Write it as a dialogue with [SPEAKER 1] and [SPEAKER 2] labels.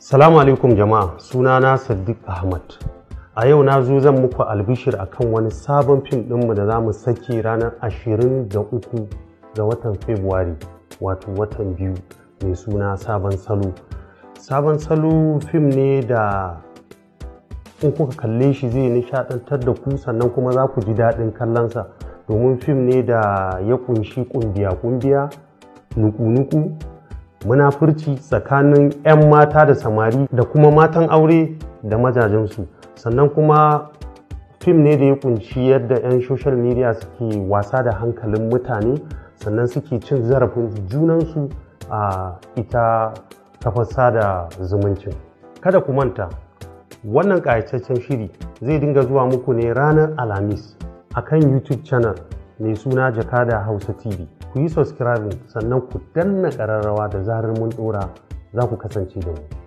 [SPEAKER 1] Salamu alaikum jama'a Suna na Sadiq Ahmad. A yau na zo zan muku albishir a kan wani sabon fim ɗinmu da za mu saki ranar ashirin 23 ga watan Fabrairu wato watan biyu mai suna Sabon Salo. Sabon Salo fim ne da in kuka kalle shi zai nishaɗantar da ku sannan kuma za ku ji daɗin kallonsa domin fim ne da ya ƙunshi ƙungiya-ƙungiya, nuku-nuku munafurci tsakanin 'yan mata da samari da kuma matan aure da majajensu sannan kuma fim ne da ya kunshi yadda 'yan social media suke wasa da hankalin mutane sannan suke cin zarafin junansu a ita kafar sada zumuncin kada ku manta wannan ƙayataccen shiri zai dinga zuwa muku ne ranar alhamis a kan youtube channel mai suna jakada hausa tv ku yi subscribing sannan ku danna ƙararrawa da zarar mun ɗora za ku kasance da mu